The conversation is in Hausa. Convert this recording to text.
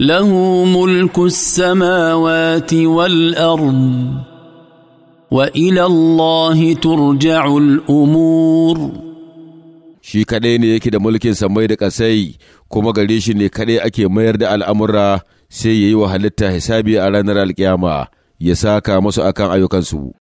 له ملك السماوات والارض والى الله ترجع الامور shi kaɗai ne yake da mulkin samai da ƙasai kuma gare shi ne kaɗai ake mayar da al'amura sai ya yi wa halitta hisabi a ranar alƙiyama ya saka masu akan ayyukansu